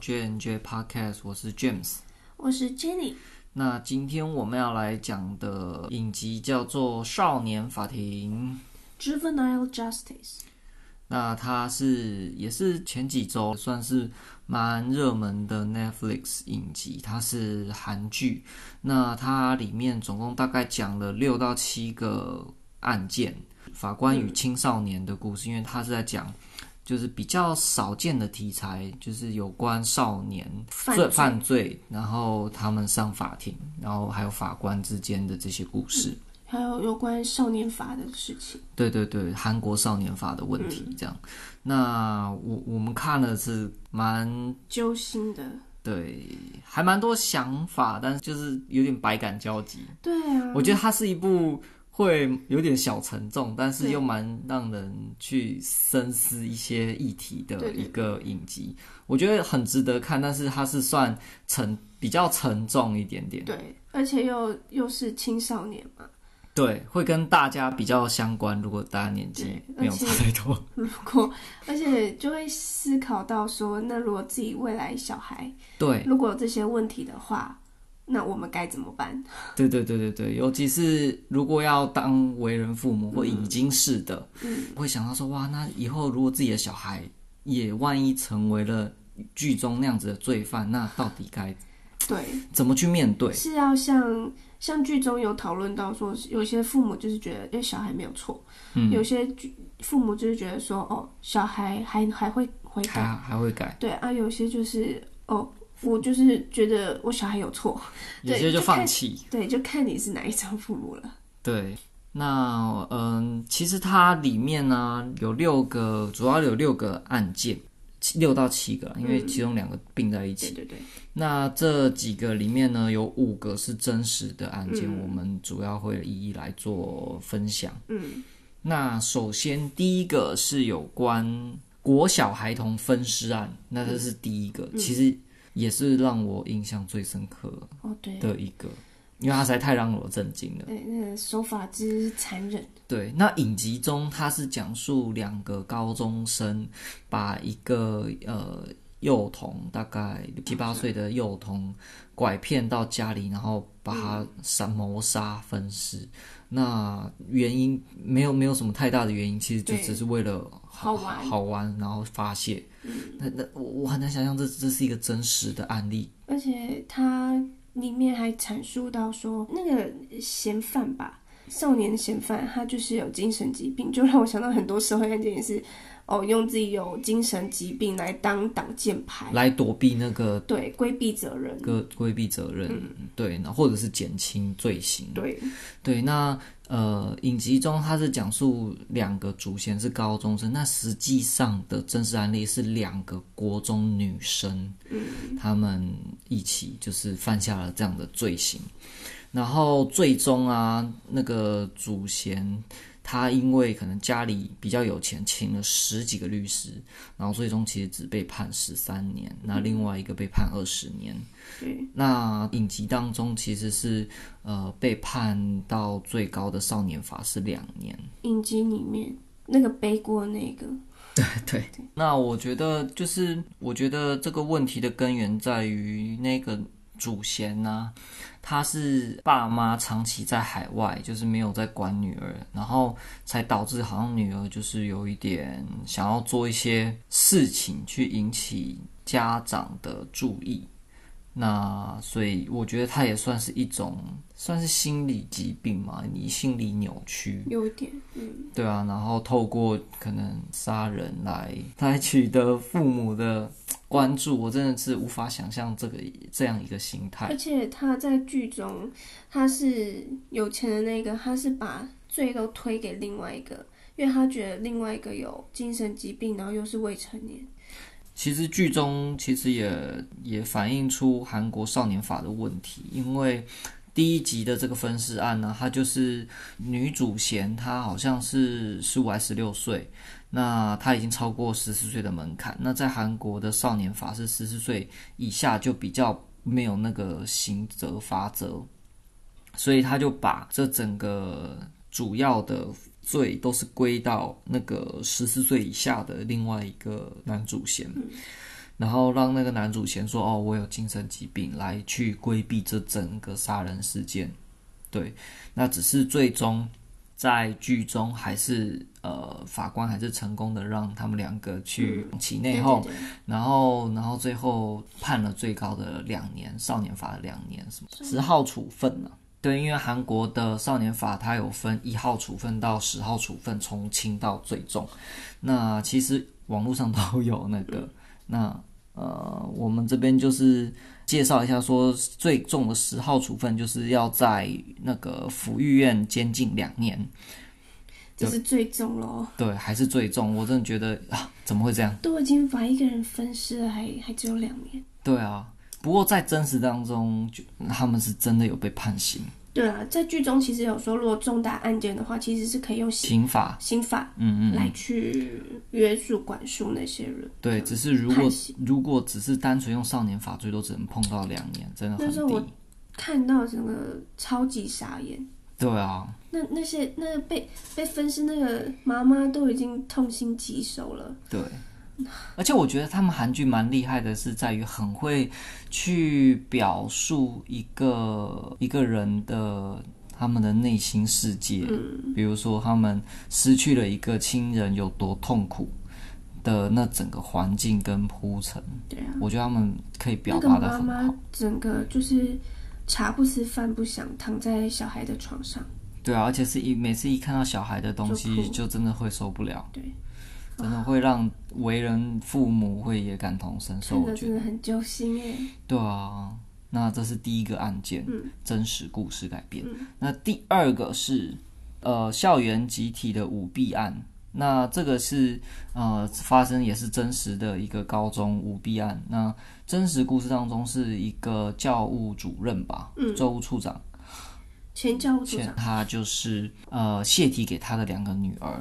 J&J Podcast，我是 James，我是 Jenny。那今天我們要來講的影集叫做《少年法庭》（Juvenile Justice）。那它是也是前幾週算是蠻熱門的 Netflix 影集，它是韓劇。那它裡面總共大概講了六到七個案件，法官與青少年的故事，嗯、因為它是在講。就是比較少見的題材，就是有關少年罪犯罪，犯罪，然後他們上法庭，然後還有法官之間的這些故事。嗯，還有有關少年法的事情。對對對，韓國少年法的問題這樣。嗯，那我我們看了是蠻揪心的，對，還蠻多想法，但是就是有點百感交集。對啊，我覺得它是一部。會有點小沉重，但是又蠻讓人去深思一些議題的一個影集。對對對，我覺得很值得看。但是它是算沉，比較沉重一點點。對，而且又又是青少年嘛。對，會跟大家比較相關。如果大家年紀沒有差太多， 如果而且就會思考到說，那如果自己未來小孩，對，如果有這些問題的話。那我們該怎麼辦？對對對對對，尤其是如果要當為人父母或已經是的，嗯，嗯，會想到說哇，那以後如果自己的小孩也萬一成為了劇中那樣子的罪犯，那到底該對怎麼去面對？對，是要像像劇中有討論到說，有些父母就是覺得，因為小孩沒有錯，嗯，有些父母就是覺得說，哦，小孩還還會回改還，還會改，對啊，有些就是哦。我就是覺得我小孩有錯，直接就放棄。對，就看你是哪一種父母了。對，那嗯，其實它裡面呢、啊、有六個，主要有六個案件，六到七個，因為其中兩個併在一起。嗯、對,對對。那這幾個裡面呢，有五個是真實的案件，嗯、我們主要會一一來做分享。嗯，那首先第一個是有關國小孩童分屍案，那這是第一個，嗯嗯、其實。也是讓我印象最深刻哦，對的一個，哦、因為他實在太讓我震驚了。對、欸，那個手法之殘忍。對，那影集中他是講述兩個高中生把一個呃幼童，大概七八歲的幼童拐騙到家裡，然後把他殺、謀殺、嗯、分屍。那原因沒有，沒有什麼太大的原因，其實就只是為了。好玩，好玩，好玩，然後發洩。嗯、那那我很難想象這這是一個真實的案例，而且它裡面還闡述到說那個嫌犯吧。少年嫌犯，他就是有精神疾病，就讓我想到很多社會案件也是，哦，用自己有精神疾病來當擋箭牌，來躲避那個對規避責任，個規避責任，嗯、對，那或者是減輕罪行。對對，那呃，影集中他是講述兩個主嫌是高中生，那實際上的真實案例是兩個國中女生，嗯，他們一起就是犯下了這樣的罪行。然後最終啊，那個祖賢，他因為可能家裡比較有錢，請了十幾個律師，然後最終其實只被判十三年，那、嗯、另外一個被判二十年。嗯。那影集當中其實是呃被判到最高的少年法是兩年。影集裡面那個背鍋那個。對對。對對那我覺得就是，我覺得這個問題的根源在於那個。祖先吶、啊，他是爸媽長期在海外，就是沒有在管女兒，然後才導致好像女兒就是有一點想要做一些事情去引起家長的注意。那所以我覺得他也算是一種，算是心理疾病嘛，你心理扭曲，有一點，嗯，對啊，然後透過可能殺人來來取得父母的關注，我真的是無法想象這個這樣一個心態。而且他在劇中，他是有錢的那個，他是把罪都推給另外一個，因為他覺得另外一個有精神疾病，然後又是未成年。其實劇中其實也也反映出韓國少年法的問題，因為第一集的這個分屍案呢，它就是女主嫌她好像是十五還是十六歲，那她已經超過十四歲的門檻，那在韓國的少年法是十四歲以下就比較沒有那個刑責罰則，所以他就把這整個主要的。罪都是歸到那個十四歲以下的另外一個男主嫌，嗯、然後讓那個男主嫌說：“哦，我有精神疾病，來去規避這整個殺人事件。”對，那只是最終在劇中還是呃，法官還是成功的讓他們兩個去起、嗯、內訌，然後然後最後判了最高的兩年，少年法的兩年什麼十號處分了。對，因為韓國的少年法，它有分一號處分到十號處分，從輕到最重。那其實網絡上都有那個。那呃，我們這邊就是介紹一下說，說最重的十號處分，就是要在那個撫育院監禁兩年。這是最重嘍？對，還是最重？我真的覺得啊，怎麼會這樣？都已經把一個人分屍了，還還只有兩年？對啊。不過在真實當中，就他們是真的有被判刑。對啊，在劇中其實有說，如果重大案件的話，其實是可以用刑法、刑法，嗯嗯，來去約束管束那些人。對，只是如果如果只是單純用少年法，最多只能碰到兩年，真的很低。但是我看到整個超級傻眼。對啊。那那些那個、被被分屍那個媽媽都已經痛心疾首了。對。而且我覺得他們韓劇蠻厲害的，是在於很會去表述一個一個人的他們的內心世界。嗯，比如說他們失去了一個親人有多痛苦的那整個環境跟鋪陳。對啊，我覺得他們可以表達得很好。那個媽媽整個就是茶不思飯不想，躺在小孩的床上。對啊，而且是一每次一看到小孩的東西，就真的會受不了。對。真的會讓為人父母會也感同身受，我覺得很揪心哎。對啊，那這是第一個案件，嗯、真實故事改編。嗯、那第二個是呃校園集體的舞弊案，那這個是呃發生也是真實的一個高中舞弊案。那真實故事當中是一個教務主任吧，教、嗯、務處長。前教務處長，前他就是呃洩題給他的兩個女兒。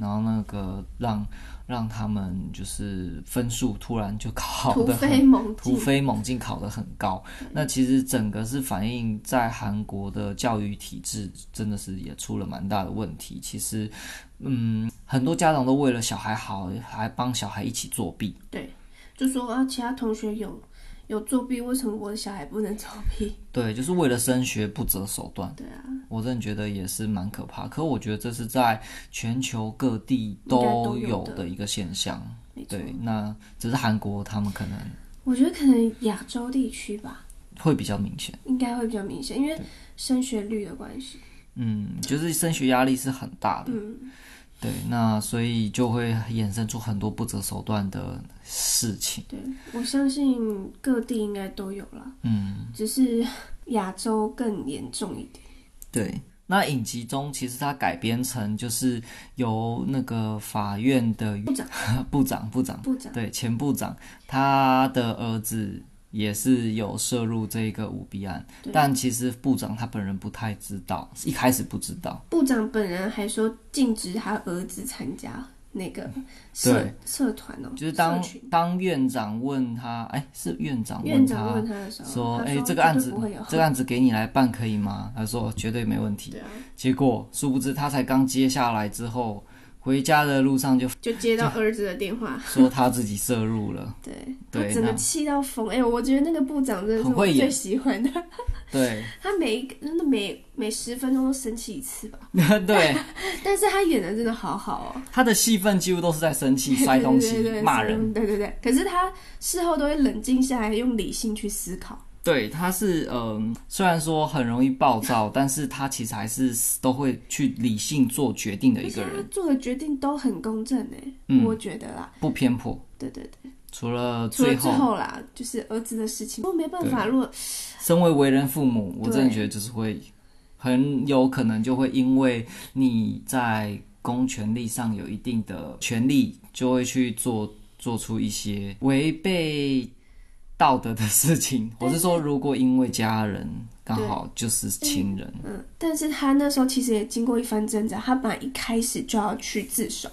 然後那個讓讓他們就是分數突然就考得突飛猛突飛猛進考得很高。那其實整個是反映在韓國的教育體制，真的是也出了蠻大的問題。其實，嗯，很多家長都為了小孩好，還幫小孩一起作弊。對，就說啊，其他同學有。有作弊，為什麼我的小孩不能作弊？對，就是為了升學不擇手段。對啊，我真的覺得也是蠻可怕。可是我覺得這是在全球各地都有的一個現象。對，錯那只是韓國他們可能，我覺得可能亞洲地區吧會比較明顯，應該會比較明顯，因為升學率的關係。嗯，就是升學壓力是很大的。嗯。對，那所以就會衍生出很多不擇手段的事情。對，我相信各地應該都有了，嗯，只是亞洲更嚴重一點。對，那影集中其實它改編成就是由那個法院的部長 部長，部長，部長，對，前部長，他的兒子。也是有涉入這個舞弊案，對但其實部長他本人不太知道，一開始不知道。部長本人還說禁止他兒子參加那個社對社團哦。就是當群當院長問他，哎、欸，是院長問他，院長問他說，哎說、欸、這個案子，這個案子給你來辦可以嗎？他說絕對沒問題。啊、結果殊不知他才剛接下來之後。回家的路上就就接到兒子的電話，說他自己攝入了， 對，對，整個氣到瘋。哎那、欸，我覺得那個部長真的是我最喜歡的，對 他每一個真的、那個、每每十分鐘都生氣一次吧。 對， 但是他演的真的好好哦、喔。 他的戲份幾乎都是在生氣、摔東西、罵人，對，對對對。可是他事後都會冷靜下來，用理性去思考。對，他是嗯，雖然說很容易暴躁， 但是他其實還是都會去理性做決定的一個人。做的決定都很公正哎，嗯，我覺得啦，不偏頗。對對對，除了除了最後啦，就是兒子的事情。不，沒辦法，對如果身為為人父母，我真的覺得就是會很有可能就會因為你在公權力上有一定的權利，就會去做做出一些違背。道德的事情，我是說，如果因為家人剛好就是親人，嗯，但是他那時候其實也經過一番掙扎，他本來一開始就要去自首，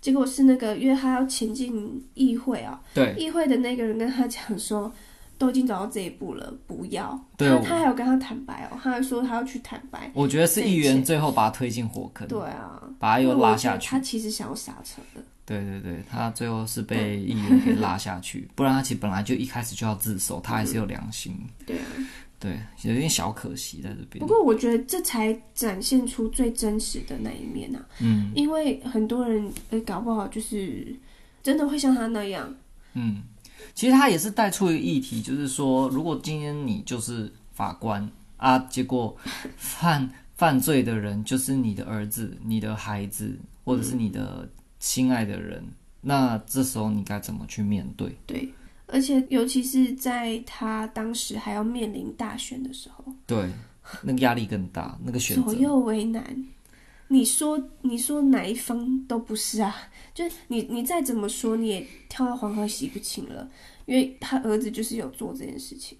結果是那個因為他要前進議會啊、喔，對，議會的那個人跟他講說，都已經走到這一步了，不要，對他他還有跟他坦白哦、喔，我他還說他要去坦白，我覺得是議員最後把他推進火坑，對啊，把他又拉下去，他其實想要剎車的。對對對，他最後是被議員給拉下去，嗯、 不然他其實本來就一開始就要自首，他還是有良心。對、嗯，對，有點小可惜在這邊。不過我覺得這才展現出最真實的那一面吶、啊。嗯，因為很多人、欸，搞不好就是真的會像他那樣。嗯，其實他也是帶出一個議題，就是說，如果今天你就是法官啊，結果犯犯罪的人就是你的兒子、你的孩子，或者是你的、嗯。親愛的人，那這時候你該怎麼去面對？對，而且尤其是在他當時還要面臨大選的時候，對，那個壓力更大，那個選擇左右為難。你說，你說哪一方都不是啊。就是你，你再怎麼說，你也跳到黃河洗不清了，因為他兒子就是有做這件事情，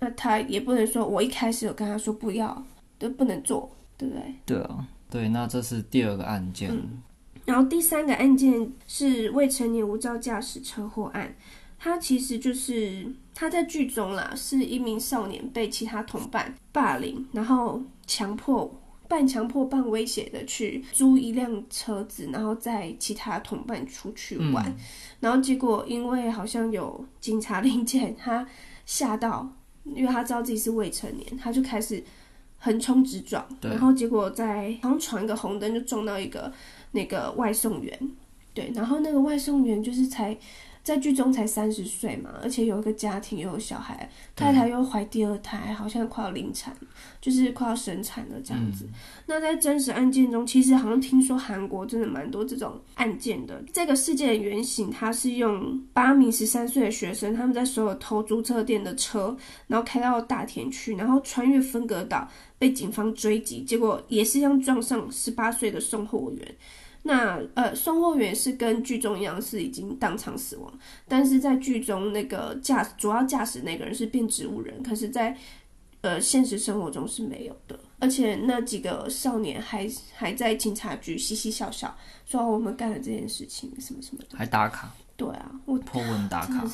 那他也不能說，我一開始有跟他說不要，都不能做，對不對？對啊，對，那這是第二個案件。嗯然後第三個案件是未成年無照駕駛車禍案，他其實就是他在劇中啦是一名少年，被其他同伴霸凌，然後強迫半強迫半威脅的去租一輛車子，然後載其他同伴出去玩，嗯、然後結果因為好像有警察臨檢他嚇到，因為他知道自己是未成年，他就開始橫衝直撞，對然後結果在好像闖一個紅燈就撞到一個。那個外送員，對，然後那個外送員就是才。在劇中才三十歲嘛，而且有一個家庭，又有小孩，太太對又懷第二胎，好像快要臨產，就是快要生產了這樣子。嗯，那在真實案件中，其實好像聽說韓國真的蠻多這種案件的。這個事件的原型，它是用八名十三歲的學生，他們在所有偷租車店的車，然後開到大田去，然後穿越分隔島，被警方追擊，結果也是像撞上十八歲的送貨員。那呃，送貨員是跟劇中一樣是已經當場死亡，但是在劇中那個駕主要駕駛那個人是變植物人，可是在，呃，現實生活中是沒有的。而且那幾個少年還還在警察局嘻嘻笑笑，說我們幹了這件事情，什麼什麼的，還打卡，對啊，我破案打卡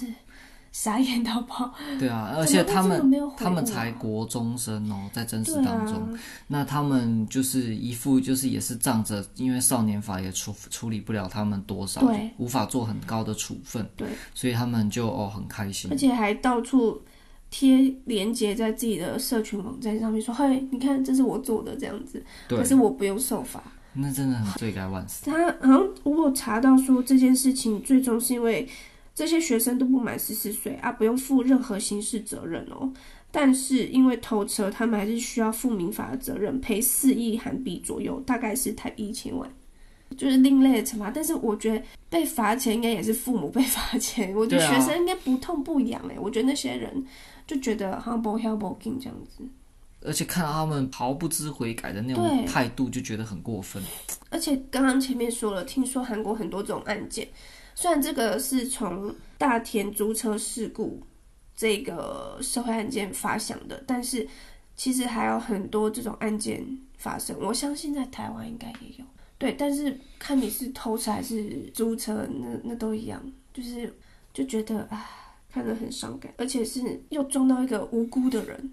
傻眼到爆，對啊，而且他們他們才國中生哦、喔，啊、在真實當中，那他們就是一副就是也是仗着，因為少年法也處處理不了他們多少，對，無法做很高的處分，對，所以他們就哦、喔、很開心，而且還到處貼連結在自己的社群網站上面說，嘿，你看這是我做的這樣子，對可是我不用受罰，那真的很罪該萬死。他好像我有查到說這件事情最終是因為。這些學生都不滿十四歲啊，不用負任何刑事責任哦。但是因為偷車，他們還是需要負民法的責任，賠四億韓幣左右，大概是台幣一千萬，就是另類的懲罰。但是我覺得被罰錢應該也是父母被罰錢，我覺得學生應該不痛不癢哎、欸。啊、我覺得那些人就覺得好像不 help 不 king 這樣子，而且看到他們毫不知悔改的那種態度，對就覺得很過分。而且剛剛前面說了，聽說韓國很多這種案件。雖然這個是從大田租車事故這個社會案件發想的，但是其實還有很多這種案件發生。我相信在台灣應該也有，對，但是看你是偷車還是租車，那那都一樣，就是就覺得啊，看得很傷感，而且是又撞到一個無辜的人。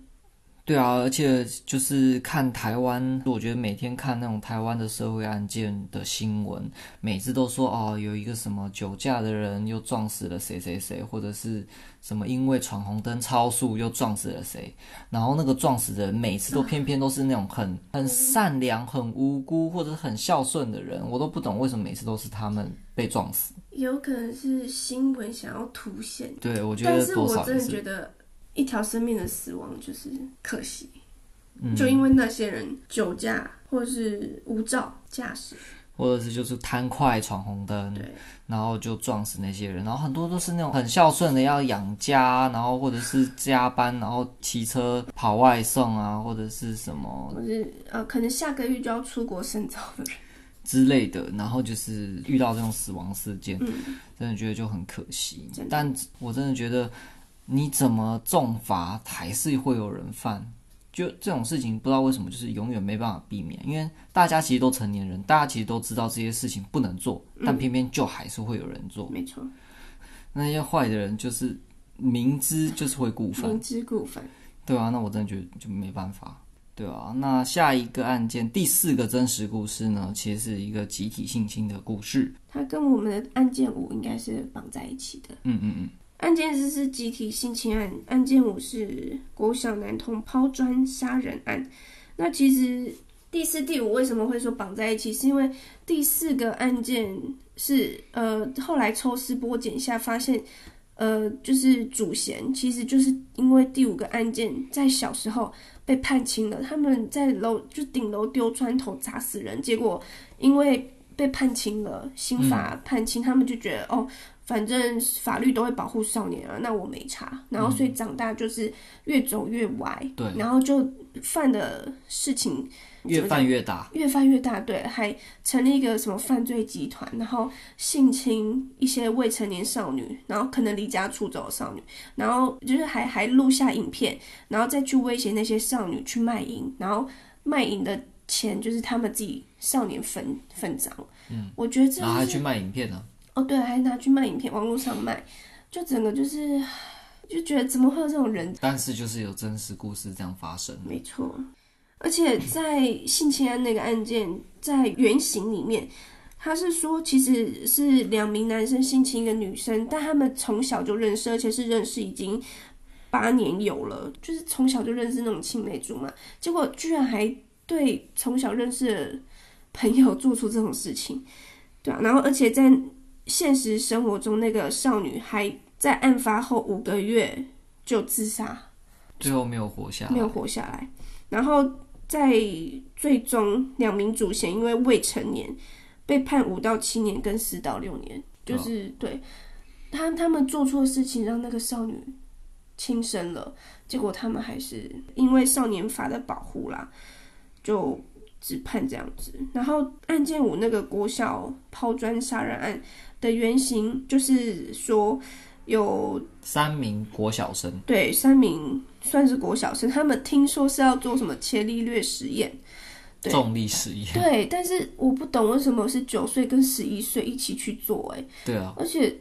對啊，而且就是看台灣，我覺得每天看那種台灣的社會案件的新聞，每次都說哦，有一個什麼酒駕的人又撞死了誰誰誰，或者是什麼因為闖紅燈超速又撞死了誰，然後那個撞死的人每次都偏偏都是那種很很善良、很無辜或者很孝順的人，我都不懂為什麼每次都是他們被撞死。有可能是新聞想要凸顯，對，我覺得，多少。我覺得多少。一條生命的死亡就是可惜，嗯，就因為那些人酒駕或者是無照駕駛，或者是就是貪快闖紅燈，對，然後就撞死那些人，然後很多都是那種很孝順的要養家，然後或者是加班，然後騎車跑外送啊，或者是什麼，是呃，可能下個月就要出國深造的之類的，然後就是遇到這種死亡事件，對真的覺得就很可惜，的但我真的覺得。你怎麼重罰，還是會有人犯。就這種事情，不知道為什麼，就是永遠沒辦法避免。因為大家其實都成年人，大家其實都知道這些事情不能做，但偏偏就還是會有人做。嗯、沒錯，那些壞的人就是明知就是會故犯，明知故犯。對啊，那我真的覺得就沒辦法。對啊，那下一個案件第四個真實故事呢，其實是一個集體性侵的故事。它跟我們的案件五應該是綁在一起的。嗯嗯嗯。案件四是集體性侵案，案件五是國小男童拋磚殺人案。那其實第四、第五為什麼會說綁在一起，是因為第四個案件是呃後來抽絲剝繭下發現，呃就是主嫌其實就是因為第五個案件在小時候被判輕了，他們在樓就頂樓丟磚頭砸死人，結果因為。被判輕了，刑法判輕，嗯、他們就覺得哦，反正法律都會保護少年啊，那我沒差。然後所以長大就是越走越歪，對、嗯，然後就犯的事情了越犯越大，越犯越大，對，還成立一個什麼犯罪集團，然後性侵一些未成年少女，然後可能離家出走的少女，然後就是還還錄下影片，然後再去威脅那些少女去賣淫，然後賣淫的。錢就是他們自己少年分分贓。嗯，我覺得這是拿去賣影片呢、啊。哦，對，還拿去賣影片，網絡上賣，就整個就是，就覺得怎麼會有這種人？但是就是有真實故事這樣發生，沒錯。而且在性侵案那個案件在原型裡面，他是說其實是兩名男生性侵一個女生，但他們從小就認識，而且是認識已經八年有了，就是從小就認識那種青梅竹馬，結果居然還。對，從小認識的朋友做出這種事情，對啊。然後，而且在現實生活中，那個少女還在案發後五個月就自殺，最後沒有活下來，沒有活下來。然後，在最終兩名主嫌因為未成年，被判五到七年跟四到六年，就是、oh. 對他他們做錯事情，讓那個少女輕生了，結果他們還是因為少年法的保護啦。就只判這樣子。然後案件五那個國小拋磚殺人案的原型，就是說有三名國小生，對，三名算是國小生，他們聽說是要做什麼伽利略實驗，對重力實驗，對，但是我不懂為什麼是九歲跟十一歲一起去做、欸，哎，對啊，而且。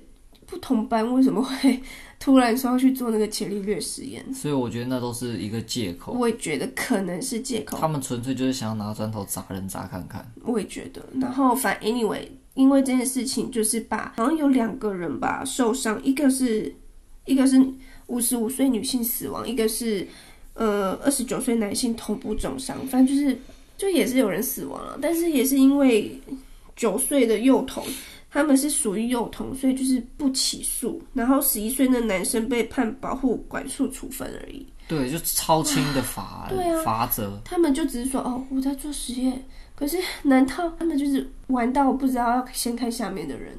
不同班為什麼會突然說要去做那個伽利略實驗？所以我覺得那都是一個借口。我也覺得可能是借口。他們純粹就是想要拿磚頭砸人砸看看。我也覺得。然後反正 anyway，因為這件事情就是把，好像有兩個人吧受傷，一個是一個是五十五歲女性死亡，一個是呃二十九歲男性頭部重傷。反正就是就也是有人死亡了，但是也是因為九歲的幼童。他們是屬於幼童，所以就是不起訴。然後十一歲的男生被判保護管束處分而已。對，就超輕的罰。啊，對啊，罰則。他們就只是說，哦，我在做實驗。可是，難道他們就是玩到我不知道要先看下面的人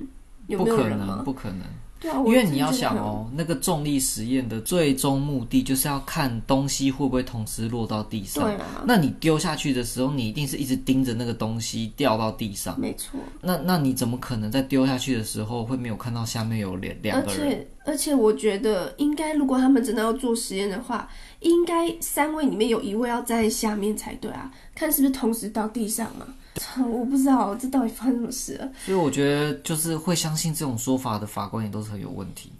有沒有人嗎？不可能。不可能。對啊、因為你要想哦，那個重力實驗的最終目的就是要看東西會不會同時落到地上。對啊。那你丟下去的時候，你一定是一直盯着那個東西掉到地上。沒錯。那那你怎麼可能在丟下去的時候會沒有看到下面有兩兩個人？而且而且，我覺得應該，如果他們真的要做實驗的話，應該三位裡面有一位要在下面才對啊，看是不是同時到地上嘛。對我不知道這到底發生什麼事，所以我覺得就是會相信這種說法的法官也都是很有問題。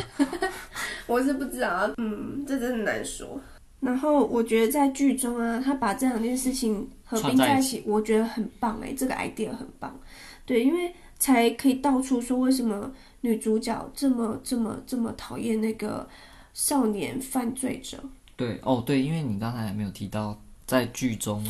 我是不知道、啊，嗯，這真的難說。然後我覺得在劇中啊，他把這兩件事情合併在一起，一起我覺得很棒哎、欸，這個 idea 很棒。對，因為才可以到處說為什麼女主角這麼這麼這麼討厭那個少年犯罪者。對哦，對，因為你剛才還沒有提到在劇中。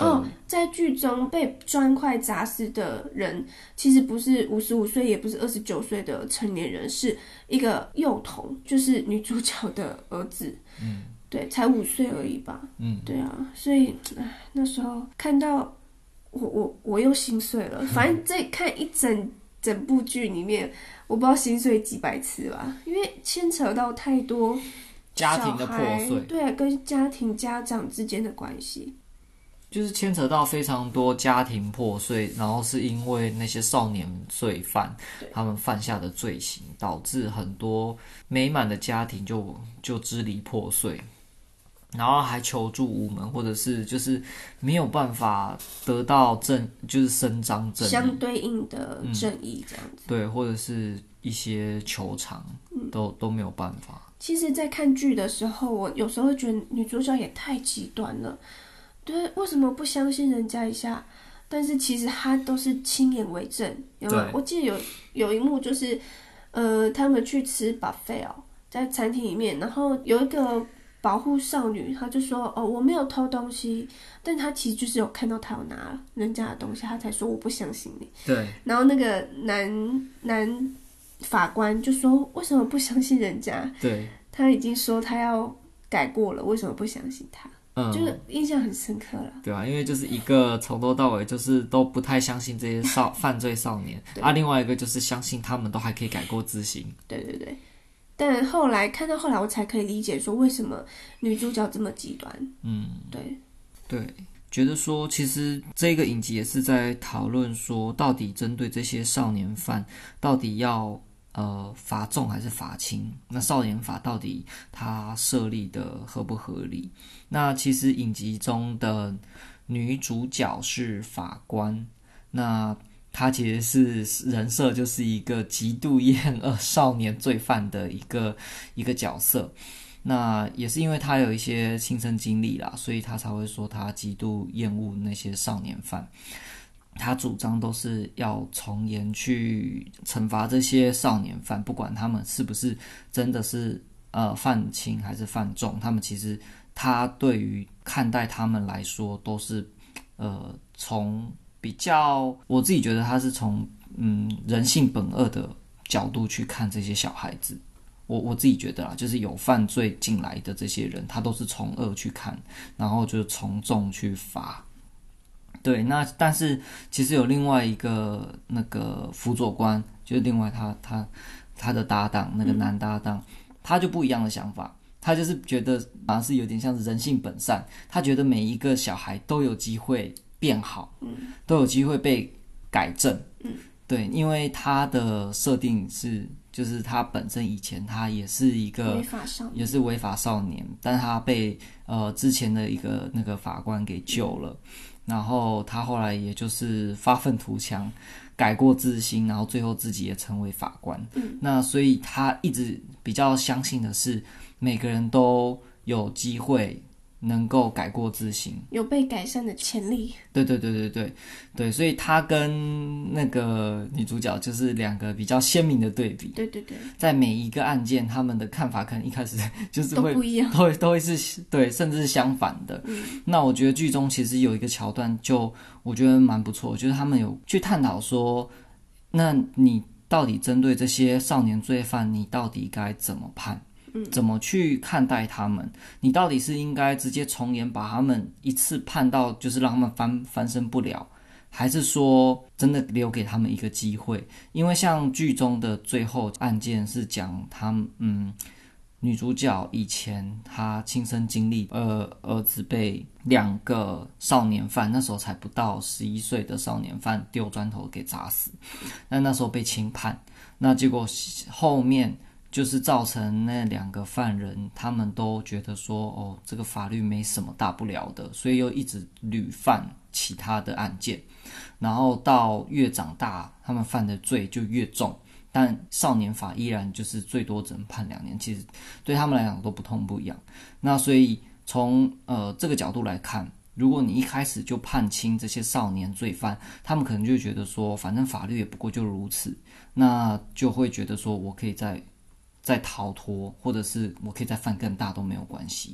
嗯、哦，在劇中被磚塊砸死的人，其實不是五十五歲，也不是二十九歲的成年人，是一個幼童，就是女主角的兒子。嗯、對，才五歲而已吧。嗯，對啊，所以那時候看到我我我又心碎了。嗯、反正在看一整整部劇裡面，我不知道心碎幾百次吧，因為牽扯到太多小孩家庭的破碎，對啊，跟家庭家長之間的關係。就是牽扯到非常多家庭破碎，然後是因為那些少年罪犯，對他們犯下的罪行，導致很多美滿的家庭就就支離破碎，然後還求助無門，或者是就是沒有辦法得到正就是伸張正義相對應的正義這樣子，嗯、對，或者是一些求償、嗯、都都沒有辦法。其實，在看劇的時候，我有時候會覺得女主角也太極端了。對，為什麼不相信人家一下？但是其實他都是親眼為證。有沒有？對我記得有有一幕就是，呃，他們去吃 buffet 哦，在餐廳裡面，然後有一個保護少女，他就說：“哦，我沒有偷東西。”但他其實就是有看到他有拿了人家的東西，他才說我不相信你。對。然後那個男男法官就說：“為什麼不相信人家？”對。他已經說他要改過了，為什麼不相信他？就是印象很深刻了，對啊，因為就是一個從頭到尾就是都不太相信這些少 犯罪少年，對啊，另外一個就是相信他們都還可以改過自新。對對對，但後來看到後來，我才可以理解說為什麼女主角這麼極端。嗯，對對，覺得說其實這個影集也是在討論說，到底針對這些少年犯，到底要。呃，罰重還是罰輕？那少年法到底它設立的合不合理？那其實影集中的女主角是法官，那她其實是人設就是一個極度厭惡少年罪犯的一個一個角色。那也是因為她有一些親身經歷啦，所以她才會說她極度厭惡那些少年犯。他主張都是要從嚴去懲罰這些少年犯，不管他們是不是真的是呃犯輕還是犯重，他們其實他對於看待他們來說都是呃從比較，我自己覺得他是從嗯人性本惡的角度去看這些小孩子，我我自己覺得啊，就是有犯罪進來的這些人，他都是從惡去看，然後就從重去罰。對，那但是其實有另外一個那個輔佐官，就是另外他他他的搭檔，那個男搭檔，嗯、他就不一樣的想法，他就是覺得好像是有點像是人性本善，他覺得每一個小孩都有機會變好，嗯、都有機會被改正。嗯、對，因為他的設定是，就是他本身以前他也是一個也是違法少年，但他被呃之前的一個那個法官給救了。嗯然後他後來也就是發憤圖強，改過自新，然後最後自己也成為法官。嗯，那所以他一直比較相信的是，每個人都有機會。能夠改過自新，有被改善的潛力。對對對對對對，所以他跟那個女主角就是兩個比較鮮明的對比。對對對，在每一個案件，他們的看法可能一開始就是會都不一樣，都會，都會是，對，甚至是相反的。嗯，那我覺得劇中其實有一個橋段，就我覺得蠻不錯，就是他們有去探討說，那你到底針對這些少年罪犯，你到底該怎麼判？怎麼去看待他們？你到底是應該直接從嚴把他們一次判到，就是讓他們翻翻身不了，還是說真的留給他們一個機會？因為像劇中的最後案件是講他嗯，女主角以前她親身經歷，呃，兒子被兩個少年犯，那時候才不到十一歲的少年犯丟磚頭給砸死，那那時候被輕判，那結果後面。就是造成那兩個犯人，他們都覺得說，哦，這個法律沒什麼大不了的，所以又一直屢犯其他的案件。然後到越長大，他們犯的罪就越重，但少年法依然就是最多只能判兩年。其實對他們來講都不痛不癢。那所以從呃這個角度來看，如果你一開始就判輕這些少年罪犯，他們可能就覺得說，反正法律也不過就如此，那就會覺得說我可以再。在逃脫，或者是我可以再犯更大都沒有關係。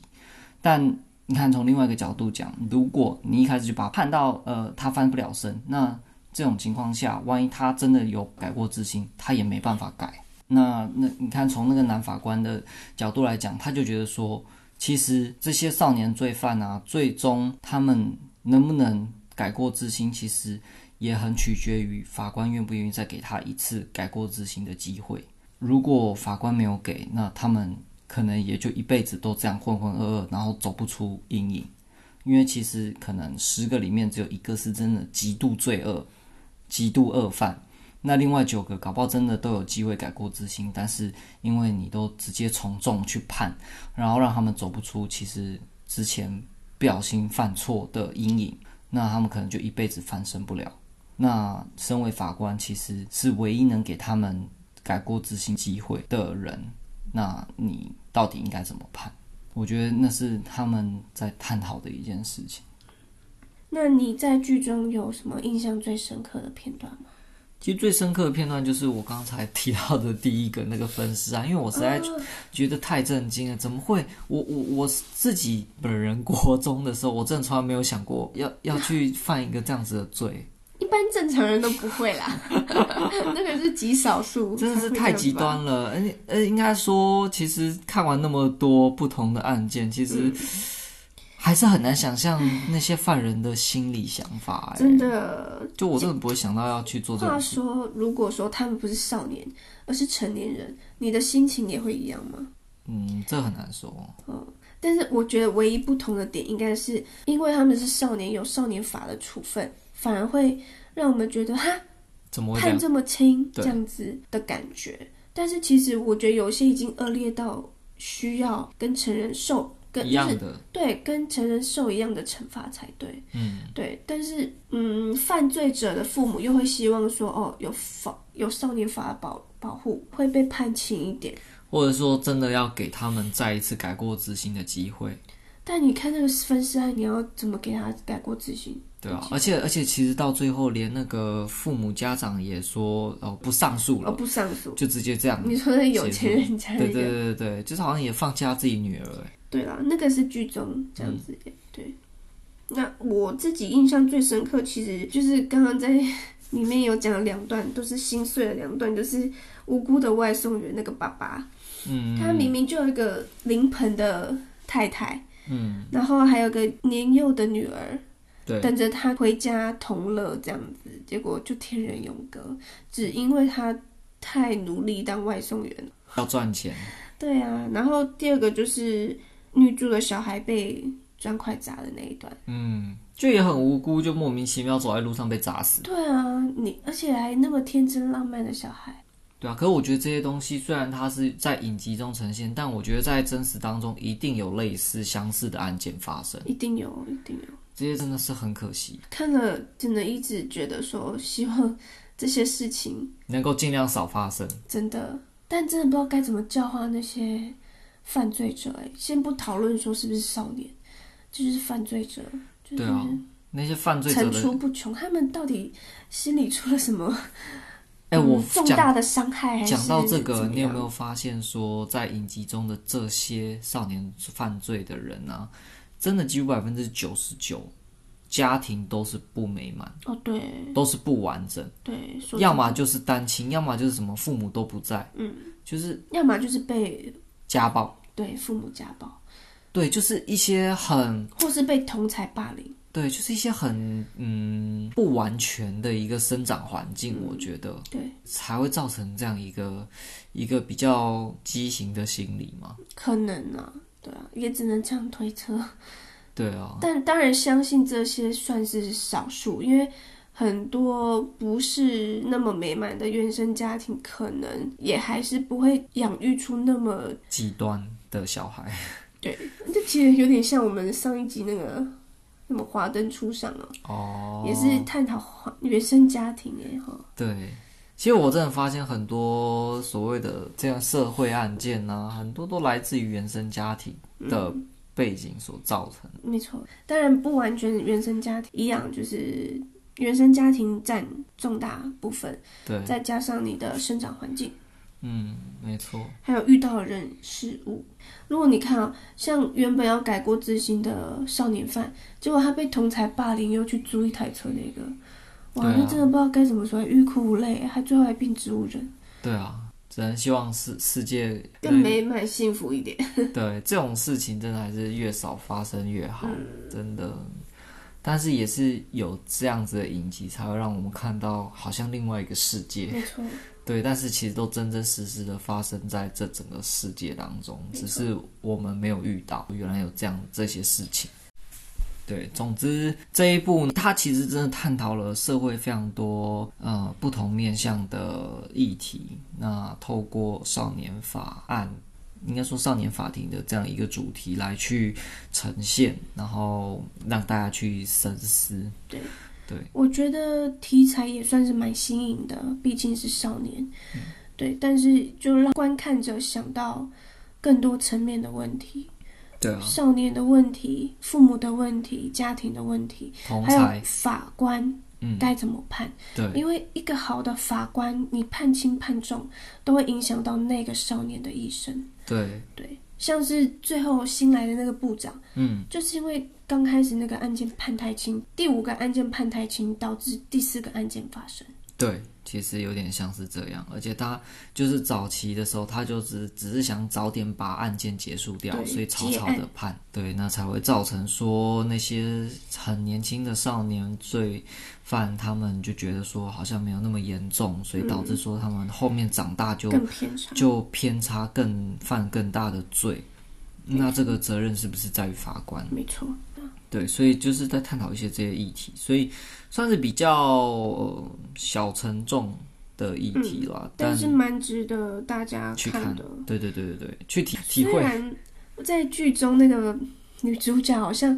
但你看，從另外一個角度講，如果你一開始就把他判到呃他翻不了身，那這種情況下，萬一他真的有改過自新，他也沒辦法改。那那你看，從那個男法官的角度來講，他就覺得說，其實這些少年罪犯啊，最終他們能不能改過自新，其實也很取決於法官願不願意再給他一次改過自新的機會。如果法官沒有給，那他們可能也就一輩子都這樣渾渾噩噩，然後走不出陰影。因為其實可能十個裡面只有一個是真的極度罪惡、極度惡犯，那另外九個搞不好真的都有機會改過自新。但是因為你都直接從重去判，然後讓他們走不出其實之前不小心犯錯的陰影，那他們可能就一輩子翻身不了。那身為法官，其實是唯一能給他們。改過自新機會的人，那你到底應該怎麼判？我覺得那是他們在探討的一件事情。那你在劇中有什麼印象最深刻的片段嗎？其實最深刻的片段就是我剛才提到的第一個那個分屍啊，因為我實在覺得太震驚了，怎麼會？我我我自己本人國中的時候，我真的從來沒有想過要要去犯一個這樣子的罪。一般正常人都不會啦， 那個是極少數，真的是太極端了。而且呃，應該說，其實看完那麼多不同的案件，其實還是很難想象那些犯人的心理想法欸。真的，就我真的不會想到要去做這。話說，如果說他們不是少年，而是成年人，你的心情也會一樣嗎？嗯，這很難說。嗯，但是我覺得唯一不同的點，應該是因為他們是少年，有少年法的處分。反而會讓我們覺得哈，怎麼會這樣？判這麼輕這樣子的感覺？對但是其實我覺得有些已經惡劣到需要跟成人受跟、就是、一樣的對跟成人受一樣的懲罰才對。嗯，對。但是嗯，犯罪者的父母又會希望說，哦，有法有少年法保保護會被判輕一點，或者說真的要給他們再一次改過自新的機會。但你看那個分屍案，你要怎麼給他改過自新？對啊，而且而且，而且其實到最後，連那個父母家長也說哦，不上訴了，哦，不上訴，就直接這樣子。你說那有錢人家，對對對對，就是好像也放棄他自己女兒。對啦，那個是劇中這樣子。嗯、對，那我自己印象最深刻，其實就是剛剛在裡面有講了兩段，都是心碎的兩段，就是無辜的外送員那個爸爸，嗯，他明明就有一個臨盆的太太。嗯，然後還有個年幼的女兒，對，等着她回家同樂這樣子，結果就天人永隔，只因為她太努力當外送員了，要賺錢。對啊，然後第二個就是女主的小孩被磚塊砸的那一段，嗯，就也很無辜，就莫名其妙走在路上被砸死。對啊，你而且還那麼天真浪漫的小孩。啊、可是可我覺得這些東西雖然它是在影集中呈現，但我覺得在真實當中一定有類似相似的案件發生，一定有，一定有。這些真的是很可惜，看了真的一直覺得說希望這些事情能夠盡量少發生，真的。但真的不知道該怎麼教化那些犯罪者、欸。哎，先不討論說是不是少年，就是犯罪者，就是、對啊，啊那些犯罪者層出不窮，他們到底心裡出了什麼？哎，我重大的傷害。講到這個，你有沒有發現說，在影集中的這些少年犯罪的人呢、啊，真的幾乎百分之九十九，家庭都是不美滿。哦，對，都是不完整。對，要麼就是單親，要麼就是什麼父母都不在。嗯，就是要麼就是被家暴。對，父母家暴。對，就是一些很，或是被同儕霸凌。對，就是一些很嗯，不完全的一個生長環境，嗯，我覺得對，才會造成這樣一個一個比較畸形的心理嘛。可能啊，對啊，也只能這樣推測。對啊，但當然相信這些算是少數，因為很多不是那麼美滿的原生家庭，可能也還是不會養育出那麼極端的小孩。對，這其實有點像我們上一集那個。什麼華燈初上啊？哦，oh, 也是探討原生家庭哎哈。對，其實我真的發現很多所謂的這樣社會案件吶、啊，很多都來自於原生家庭的背景所造成，嗯。沒錯，當然不完全原生家庭一樣，就是原生家庭占重大部分。對，再加上你的生長環境。嗯，沒錯。還有遇到的人事物，如果你看啊，像原本要改過自新的少年犯，結果他被同儕霸凌，又去租一台車那個，哇，那、啊、真的不知道該怎麼說，欲哭無淚，他最後還變植物人。對啊，只能希望世世界更美滿幸福一點。 對，這種事情真的還是越少發生越好，嗯、真的。但是也是有這樣子的影集，才會讓我們看到好像另外一個世界。沒錯 對，但是其實都真真實實的發生在這整個世界當中，只是我們沒有遇到，原來有這樣這些事情。對，總之這一部它其實真的探討了社會非常多呃不同面向的議題。那透過少年法案。應該說，少年法庭的這樣一個主題來去呈現，然後讓大家去深思。對，對，我覺得題材也算是蠻新穎的，畢竟是少年。嗯、對，但是就讓觀看者想到更多層面的問題。對、啊，少年的問題、父母的問題、家庭的問題，同才還有法官。該怎麼判？嗯、對，因為一個好的法官，你判輕判重，都會影響到那個少年的一生。對對，像是最後新來的那個部長，嗯，就是因為剛開始那個案件判太輕，第五個案件判太輕，導致第四個案件發生。對，其實有點像是這樣，而且他就是早期的時候，他就只只是想早點把案件結束掉，對所以草草的判，愛對，那才會造成說那些很年輕的少年罪犯，他們就覺得說好像沒有那麼嚴重，所以導致說他們後面長大就就偏差更犯更大的罪，錯那這個責任是不是在於法官？沒錯。對，所以就是在探討一些這些議題，所以算是比較、呃、小沉重的議題啦，嗯、但是蠻值得大家去看的。對對對對對，去體體會。雖然在劇中那個女主角好像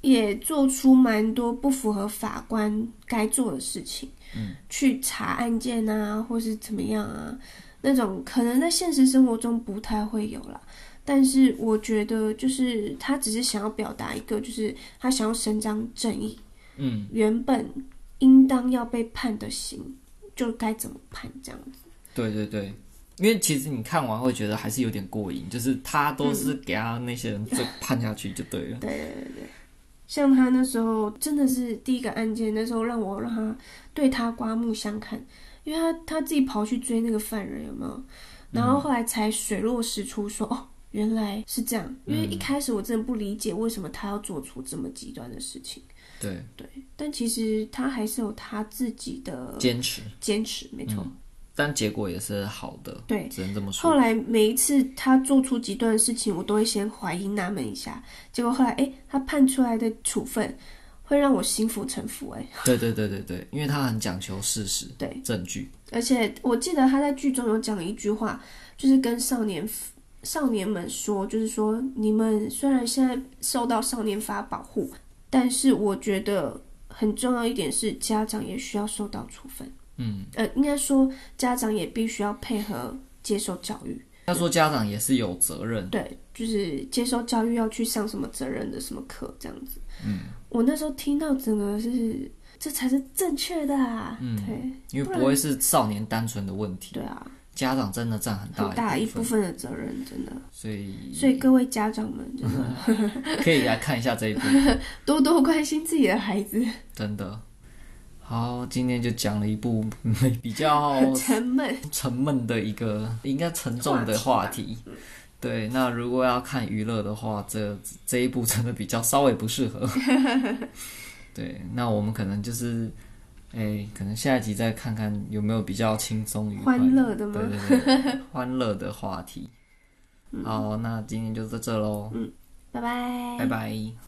也做出蠻多不符合法官該做的事情，嗯，去查案件啊，或是怎麼樣啊，那種可能在現實生活中不太會有啦。但是我覺得，就是他只是想要表達一個，就是他想要伸張正義。嗯，原本應當要被判的刑，就該怎麼判這樣子。對對對，因為其實你看完會覺得還是有點過癮，就是他都是給他那些人就判下去就對了、嗯。對對對，像他那時候真的是第一個案件，那時候讓我讓他對他刮目相看，因為他他自己跑去追那個犯人，有沒有？然後後來才水落石出，說、嗯。原來是這樣，因為一開始我真的不理解為什麼他要做出這麼極端的事情。嗯、對對，但其實他還是有他自己的堅持，堅持沒錯、嗯，但結果也是好的。對，只能這麼說。後來每一次他做出極端的事情，我都會先懷疑納悶一下，結果後來哎、欸，他判出來的處分會讓我心服誠服、欸。哎，對對對對對，因為他很講求事實、對證據，而且我記得他在劇中有講一句話，就是跟少年。少年們說，就是說，你們雖然現在受到少年法保護，但是我覺得很重要一點是，家長也需要受到處分。嗯，呃，應該說家長也必須要配合接受教育。他說家長也是有責任。對，就是接受教育要去上什麼責任的什麼課這樣子。嗯，我那時候聽到整個是這才是正確的啊。嗯，對，因為不會是少年單純的問題。對啊。家長真的占很大，大一部分的責任，真的。所以，所以各位家長們真的可以來看一下這一部，多多關心自己的孩子。真的。好，今天就講了一部比較沉悶、沉悶的一個應該沉重的話題。對，那如果要看娛樂的話，這這一部真的比較稍微不適合。對，那我們可能就是。哎、欸，可能下一集再看看有沒有比較輕鬆、歡樂的嗎？對對對，歡樂的話題。 好，那今天就到這嘍。嗯，拜拜，拜拜。